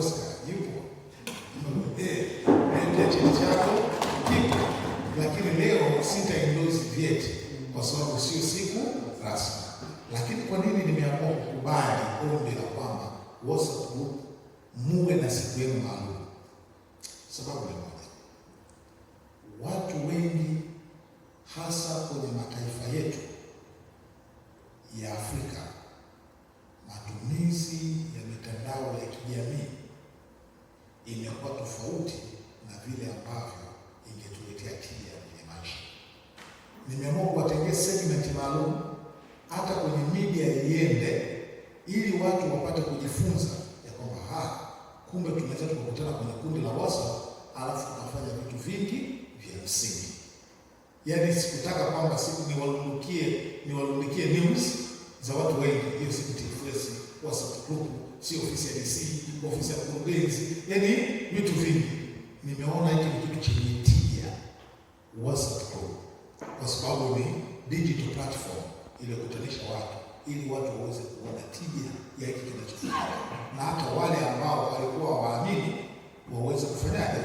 Oscar yupo nenda cheti chako kipo, lakini leo sitaindozi vyeti kwa sababu sio siku rasmi. Lakini kwa nini nimeamua kukubali ombi la kwamba WhatsApp group muwe na siku yenu maalum? Sababu ni moja, watu wengi hasa kwenye mataifa yetu ya Afrika matumizi ya mitandao ya kijamii tofauti na vile ambavyo ingetuletea tija kwenye maisha. Nimeamua kuwatengea segment maalum hata kwenye media iende, ili watu wapate kujifunza ya kwamba ha, kumbe tunaweza tukakutana kwenye kundi la WhatsApp alafu tunafanya vitu vingi vya msingi. Yaani sikutaka kwamba siku niwalundukie niwalundukie news za watu wengi. Hiyo si TFS, WhatsApp group, si ofisi ya DC, ofisi ya mkurugenzi, yaani vitu vingi. Nimeona hiki ni kitu chenye tija, WhatsApp group, kwa sababu ni digital platform iliyokutanisha watu ili watu waweze kuona tija ya hiki kinachofanya, na hata wale ambao walikuwa waamini waweze kufanyaje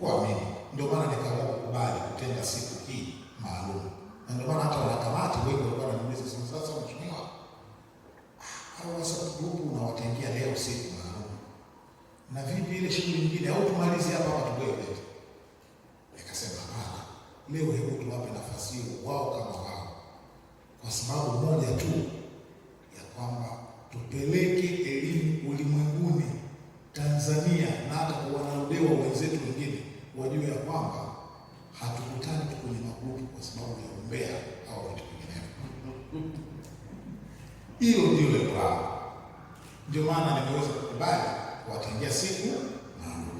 kuamini. Ndio maana nikaamua kukubali kutenga siku hii maalum, na ndio maana hata wanakamati wengi WhatsApp unawatengia unawatengea leo siku maalum, na vipi ile shughuli nyingine, au tumalize hapa hapa tukwende? Nikasema hapana, leo hebu tuwape nafasi hiyo wao kama wao, kwa sababu moja tu ya kwamba tupeleke elimu ulimwenguni, Tanzania na hata kwa wanaodewa wenzetu wengine wajue ya kwamba hatukutani tu kwenye magrupu kwa sababu ya umbea au vitu vinginevyo. Hiyo ndio lengo lao. Ndio maana nimeweza kukubali kuwatengia siku maalum.